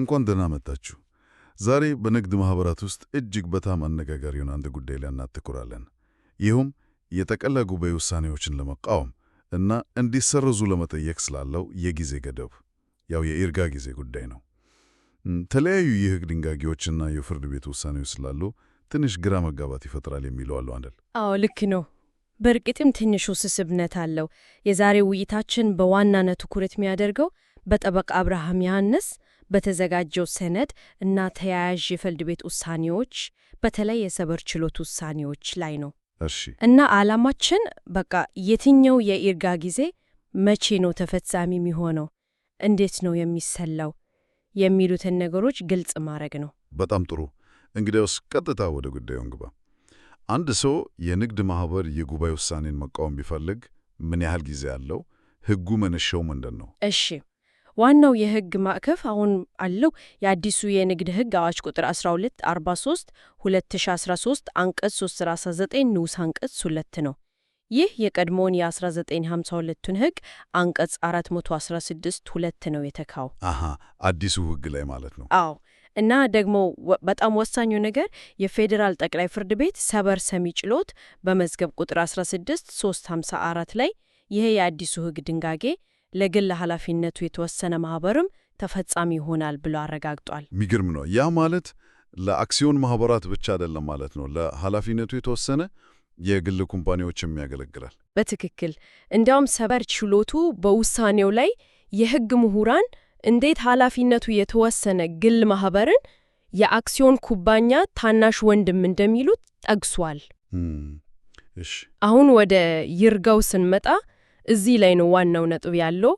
እንኳን ደህና መጣችሁ። ዛሬ በንግድ ማኅበራት ውስጥ እጅግ በጣም አነጋጋሪ የሆነ አንድ ጉዳይ ላይ እናተኩራለን። ይህም የጠቅላላ ጉባኤ ውሳኔዎችን ለመቃወም እና እንዲሰረዙ ለመጠየቅ ስላለው የጊዜ ገደብ ያው የይርጋ ጊዜ ጉዳይ ነው። ተለያዩ የሕግ ድንጋጌዎችና የፍርድ ቤት ውሳኔዎች ስላሉ ትንሽ ግራ መጋባት ይፈጥራል የሚለው አሉ አንደል። አዎ ልክ ነው። በእርግጥም ትንሽ ውስብስብነት አለው። የዛሬ ውይይታችን በዋናነት ትኩረት የሚያደርገው በጠበቃ አብርሃም ዮሐንስ በተዘጋጀው ሰነድ እና ተያያዥ የፍርድ ቤት ውሳኔዎች፣ በተለይ የሰበር ችሎት ውሳኔዎች ላይ ነው። እሺ እና ዓላማችን በቃ የትኛው የይርጋ ጊዜ መቼ ነው ተፈጻሚ የሚሆነው፣ እንዴት ነው የሚሰላው የሚሉትን ነገሮች ግልጽ ማድረግ ነው። በጣም ጥሩ። እንግዲያውስ ቀጥታ ወደ ጉዳዩ እንግባ። አንድ ሰው የንግድ ማህበር የጉባኤ ውሳኔን መቃወም ቢፈልግ ምን ያህል ጊዜ አለው? ህጉ መነሻው ምንድን ነው? እሺ ዋናው የህግ ማዕቀፍ አሁን አለው የአዲሱ የንግድ ህግ አዋጅ ቁጥር 1243 2013 አንቀጽ 319 ንዑስ አንቀጽ 2 ነው። ይህ የቀድሞውን የ1952ቱን ህግ አንቀጽ 416 2 ነው የተካው። አሀ አዲሱ ህግ ላይ ማለት ነው። አዎ እና ደግሞ በጣም ወሳኙ ነገር የፌዴራል ጠቅላይ ፍርድ ቤት ሰበር ሰሚ ችሎት በመዝገብ ቁጥር 16 354 ላይ ይሄ የአዲሱ ህግ ድንጋጌ ለግል ኃላፊነቱ የተወሰነ ማህበርም ተፈጻሚ ይሆናል ብሎ አረጋግጧል። የሚገርም ነው። ያ ማለት ለአክሲዮን ማህበራት ብቻ አይደለም ማለት ነው። ለኃላፊነቱ የተወሰነ የግል ኩምፓኒዎችም ያገለግላል። በትክክል እንዲያውም ሰበር ችሎቱ በውሳኔው ላይ የህግ ምሁራን እንዴት ኃላፊነቱ የተወሰነ ግል ማህበርን የአክሲዮን ኩባኛ ታናሽ ወንድም እንደሚሉት ጠቅሷል። አሁን ወደ ይርጋው ስንመጣ እዚህ ላይ ነው ዋናው ነጥብ ያለው።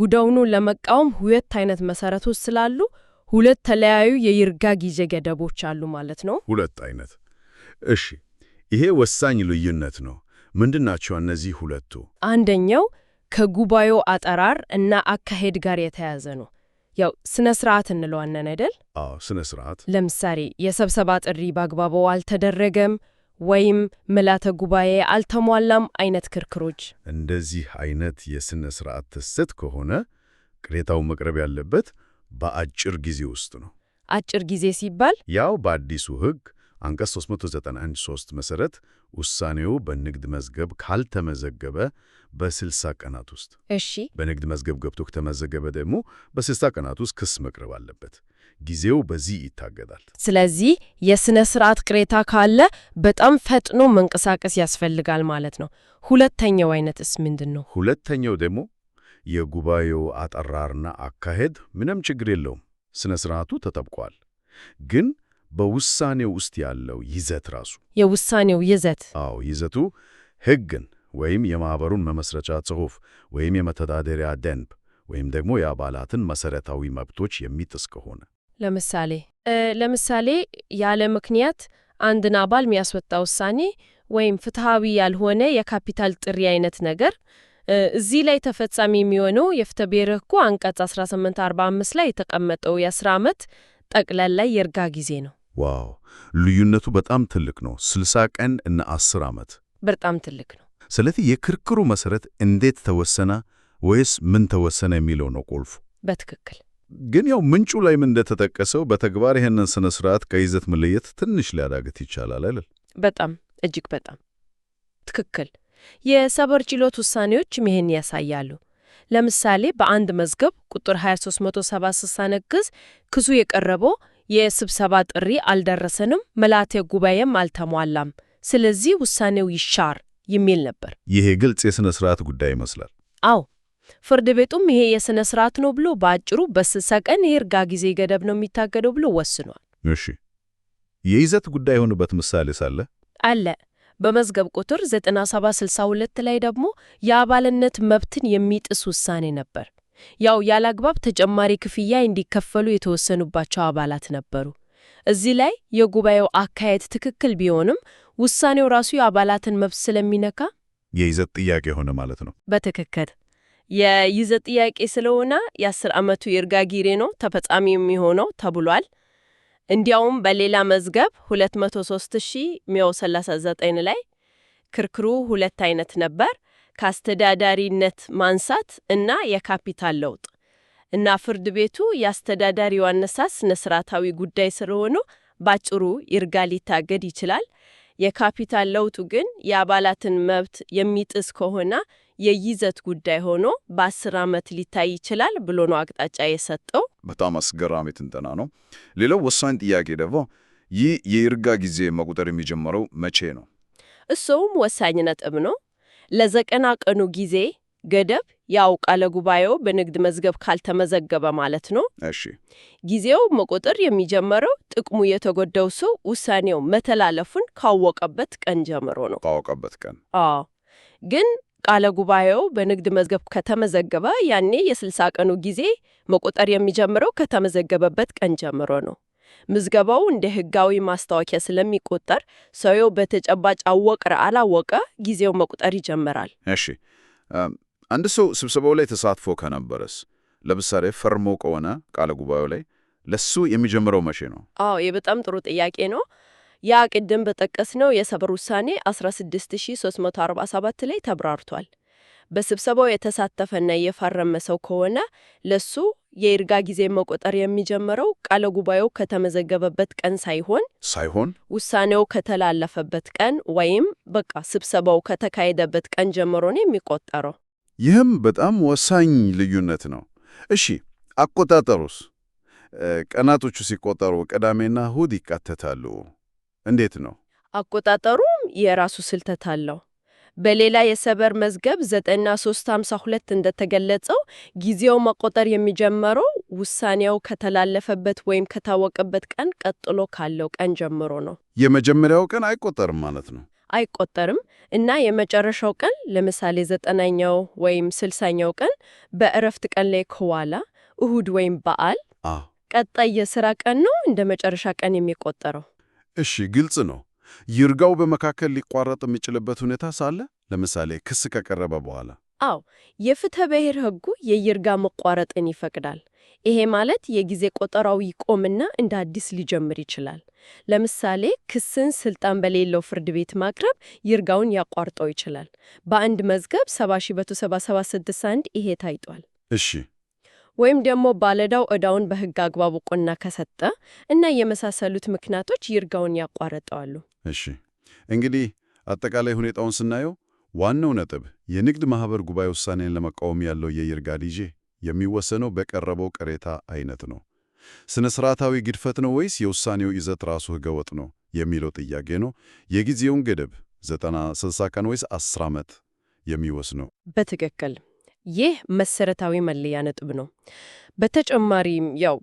ጉዳውኑ ለመቃወም ሁለት አይነት መሰረቶች ስላሉ ሁለት ተለያዩ የይርጋ ጊዜ ገደቦች አሉ ማለት ነው። ሁለት አይነት። እሺ፣ ይሄ ወሳኝ ልዩነት ነው። ናቸው እነዚህ ሁለቱ? አንደኛው ከጉባኤው አጠራር እና አካሄድ ጋር የተያዘ ነው። ያው ስነ ስርዓት እንለዋለን አይደል? አዎ፣ ስነ ስርዓት። ለምሳሌ የስብሰባ ጥሪ በአግባቡ አልተደረገም፣ ወይም ምልዓተ ጉባኤ አልተሟላም አይነት ክርክሮች። እንደዚህ አይነት የሥነ ሥርዓት ትስት ከሆነ ቅሬታው መቅረብ ያለበት በአጭር ጊዜ ውስጥ ነው። አጭር ጊዜ ሲባል ያው በአዲሱ ሕግ አንቀጽ 3913 መሠረት ውሳኔው በንግድ መዝገብ ካልተመዘገበ በ60 ቀናት ውስጥ እሺ፣ በንግድ መዝገብ ገብቶ ከተመዘገበ ደግሞ በ60 ቀናት ውስጥ ክስ መቅረብ አለበት። ጊዜው በዚህ ይታገዳል። ስለዚህ የሥነ ስርዓት ቅሬታ ካለ በጣም ፈጥኖ መንቀሳቀስ ያስፈልጋል ማለት ነው። ሁለተኛው አይነትስ ምንድን ነው? ሁለተኛው ደግሞ የጉባኤው አጠራርና አካሄድ ምንም ችግር የለውም፣ ሥነ ሥርዓቱ ተጠብቋል። ግን በውሳኔው ውስጥ ያለው ይዘት ራሱ የውሳኔው ይዘት አዎ፣ ይዘቱ ሕግን ወይም የማኅበሩን መመስረቻ ጽሑፍ ወይም የመተዳደሪያ ደንብ ወይም ደግሞ የአባላትን መሰረታዊ መብቶች የሚጥስ ከሆነ ለምሳሌ ለምሳሌ ያለ ምክንያት አንድን አባል የሚያስወጣ ውሳኔ ወይም ፍትሐዊ ያልሆነ የካፒታል ጥሪ አይነት ነገር እዚህ ላይ ተፈጻሚ የሚሆነው የፍትሐ ብሔር ሕጉ አንቀጽ 1845 ላይ የተቀመጠው የ10 ዓመት ጠቅላላ የእርጋ ጊዜ ነው። ዋው! ልዩነቱ በጣም ትልቅ ነው። 60 ቀን እና 10 ዓመት በጣም ትልቅ ነው። ስለዚህ የክርክሩ መሰረት እንዴት ተወሰነ ወይስ ምን ተወሰነ የሚለው ነው ቁልፉ። በትክክል ግን ያው ምንጩ ላይም እንደተጠቀሰው በተግባር ይህንን ስነ ስርዓት ከይዘት መለየት ትንሽ ሊያዳግት ይቻላል አይደል? በጣም እጅግ በጣም ትክክል። የሰበር ችሎት ውሳኔዎችም ይህን ያሳያሉ። ለምሳሌ በአንድ መዝገብ ቁጥር 2370 ሳነግዝ ክሱ የቀረበው የስብሰባ ጥሪ አልደረሰንም፣ መላቴ ጉባኤም አልተሟላም፣ ስለዚህ ውሳኔው ይሻር የሚል ነበር። ይሄ ግልጽ የሥነ ሥርዓት ጉዳይ ይመስላል። አዎ ፍርድ ቤቱም ይሄ የሥነ ሥርዓት ነው ብሎ በአጭሩ በስልሳ ቀን የይርጋ ጊዜ ገደብ ነው የሚታገደው ብሎ ወስኗል። እሺ የይዘት ጉዳይ የሆኑበት ምሳሌ ሳለ አለ በመዝገብ ቁጥር 9762 ላይ ደግሞ የአባልነት መብትን የሚጥስ ውሳኔ ነበር። ያው ያለአግባብ ተጨማሪ ክፍያ እንዲከፈሉ የተወሰኑባቸው አባላት ነበሩ። እዚህ ላይ የጉባኤው አካሄድ ትክክል ቢሆንም ውሳኔው ራሱ የአባላትን መብት ስለሚነካ የይዘት ጥያቄ ሆነ ማለት ነው። በትክክል የይዘ ጥያቄ ስለሆነ የአስር ዓመቱ ይርጋ ነው ተፈጻሚ የሚሆነው ተብሏል። እንዲያውም በሌላ መዝገብ 203139 ላይ ክርክሩ ሁለት አይነት ነበር፣ ከአስተዳዳሪነት ማንሳት እና የካፒታል ለውጥ እና ፍርድ ቤቱ የአስተዳዳሪው አነሳስ ስነስርዓታዊ ጉዳይ ስለሆኑ ባጭሩ ይርጋ ሊታገድ ይችላል። የካፒታል ለውጡ ግን የአባላትን መብት የሚጥስ ከሆነ የይዘት ጉዳይ ሆኖ በአስር ዓመት ሊታይ ይችላል ብሎ ነው አቅጣጫ የሰጠው። በጣም አስገራሚ ትንተና ነው። ሌላው ወሳኝ ጥያቄ ደግሞ ይህ የይርጋ ጊዜ መቁጠር የሚጀምረው መቼ ነው? እሱም ወሳኝ ነጥብ ነው። ለዘጠና ቀኑ ጊዜ ገደብ ያው ቃለ ጉባኤው በንግድ መዝገብ ካልተመዘገበ ማለት ነው። እሺ ጊዜው መቆጠር የሚጀምረው ጥቅሙ የተጎዳው ሰው ውሳኔው መተላለፉን ካወቀበት ቀን ጀምሮ ነው። ካወቀበት ቀን። አዎ ግን ቃለ ጉባኤው በንግድ መዝገብ ከተመዘገበ ያኔ የስልሳ ቀኑ ጊዜ መቆጠር የሚጀምረው ከተመዘገበበት ቀን ጀምሮ ነው። ምዝገባው እንደ ህጋዊ ማስታወቂያ ስለሚቆጠር ሰውየው በተጨባጭ አወቀ አላወቀ ጊዜው መቁጠር ይጀምራል። እሺ፣ አንድ ሰው ስብሰባው ላይ ተሳትፎ ከነበረስ? ለምሳሌ ፈርሞ ከሆነ ቃለ ጉባኤው ላይ ለሱ የሚጀምረው መቼ ነው? አዎ፣ የበጣም ጥሩ ጥያቄ ነው። ያ ቅድም በጠቀስነው የሰበር ውሳኔ 16347 ላይ ተብራርቷል። በስብሰባው የተሳተፈና የፈረመ ሰው ከሆነ ለሱ የይርጋ ጊዜ መቆጠር የሚጀምረው ቃለ ጉባኤው ከተመዘገበበት ቀን ሳይሆን ሳይሆን ውሳኔው ከተላለፈበት ቀን ወይም በቃ ስብሰባው ከተካሄደበት ቀን ጀምሮ ነው የሚቆጠረው። ይህም በጣም ወሳኝ ልዩነት ነው። እሺ አቆጣጠሩስ? ቀናቶቹ ሲቆጠሩ ቅዳሜና እሁድ ይካተታሉ። እንዴት ነው አቆጣጠሩም? የራሱ ስልተት አለው። በሌላ የሰበር መዝገብ 9352 እንደተገለጸው ጊዜው መቆጠር የሚጀመረው ውሳኔው ከተላለፈበት ወይም ከታወቀበት ቀን ቀጥሎ ካለው ቀን ጀምሮ ነው። የመጀመሪያው ቀን አይቆጠርም ማለት ነው? አይቆጠርም እና የመጨረሻው ቀን ለምሳሌ ዘጠናኛው ወይም ስልሳኛው ቀን በእረፍት ቀን ላይ ከዋላ እሁድ ወይም በዓል ቀጣይ የሥራ ቀን ነው እንደ መጨረሻ ቀን የሚቆጠረው። እሺ፣ ግልጽ ነው። ይርጋው በመካከል ሊቋረጥ የሚችልበት ሁኔታ ሳለ ለምሳሌ ክስ ከቀረበ በኋላ አዎ፣ የፍትሐ ብሔር ሕጉ የይርጋ መቋረጥን ይፈቅዳል። ይሄ ማለት የጊዜ ቆጠራው ይቆምና እንደ አዲስ ሊጀምር ይችላል። ለምሳሌ ክስን ስልጣን በሌለው ፍርድ ቤት ማቅረብ ይርጋውን ያቋርጠው ይችላል። በአንድ መዝገብ 70776 ይሄ ታይቷል። እሺ ወይም ደግሞ ባለዕዳው ዕዳውን በሕግ አግባብ ቁና ከሰጠ እና የመሳሰሉት ምክንያቶች ይርጋውን ያቋረጠዋሉ። እሺ እንግዲህ አጠቃላይ ሁኔታውን ስናየው ዋናው ነጥብ የንግድ ማኅበር ጉባኤ ውሳኔን ለመቃወም ያለው የይርጋ ዲጄ የሚወሰነው በቀረበው ቅሬታ አይነት ነው። ስነ ስርዓታዊ ግድፈት ነው ወይስ የውሳኔው ይዘት ራሱ ህገወጥ ነው የሚለው ጥያቄ ነው። የጊዜውን ገደብ 90፣ 60 ቀን ወይስ 10 ዓመት የሚወስነው በትክክል ይህ መሰረታዊ መለያ ነጥብ ነው። በተጨማሪም ያው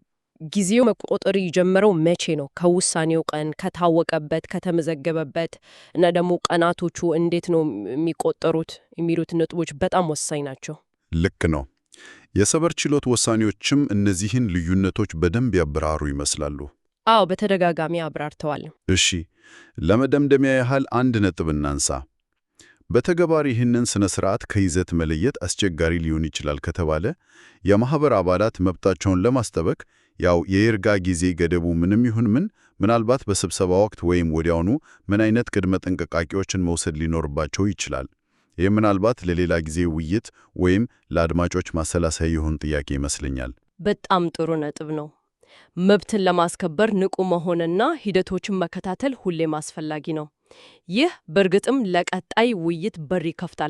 ጊዜው መቆጠር የጀመረው መቼ ነው? ከውሳኔው ቀን፣ ከታወቀበት፣ ከተመዘገበበት እና ደግሞ ቀናቶቹ እንዴት ነው የሚቆጠሩት የሚሉት ነጥቦች በጣም ወሳኝ ናቸው። ልክ ነው። የሰበር ችሎት ውሳኔዎችም እነዚህን ልዩነቶች በደንብ ያብራሩ ይመስላሉ። አዎ፣ በተደጋጋሚ አብራርተዋል። እሺ፣ ለመደምደሚያ ያህል አንድ ነጥብ እናንሳ። በተግባር ይህንን ስነ ስርዓት ከይዘት መለየት አስቸጋሪ ሊሆን ይችላል ከተባለ የማህበር አባላት መብታቸውን ለማስጠበቅ ያው የይርጋ ጊዜ ገደቡ ምንም ይሁን ምን ምናልባት በስብሰባ ወቅት ወይም ወዲያውኑ ምን አይነት ቅድመ ጥንቃቄዎችን መውሰድ ሊኖርባቸው ይችላል። ይህ ምናልባት ለሌላ ጊዜ ውይይት ወይም ለአድማጮች ማሰላሰያ የሆን ጥያቄ ይመስለኛል። በጣም ጥሩ ነጥብ ነው። መብትን ለማስከበር ንቁ መሆንና ሂደቶችን መከታተል ሁሌም አስፈላጊ ነው። ይህ በእርግጥም ለቀጣይ ውይይት በር ይከፍታል።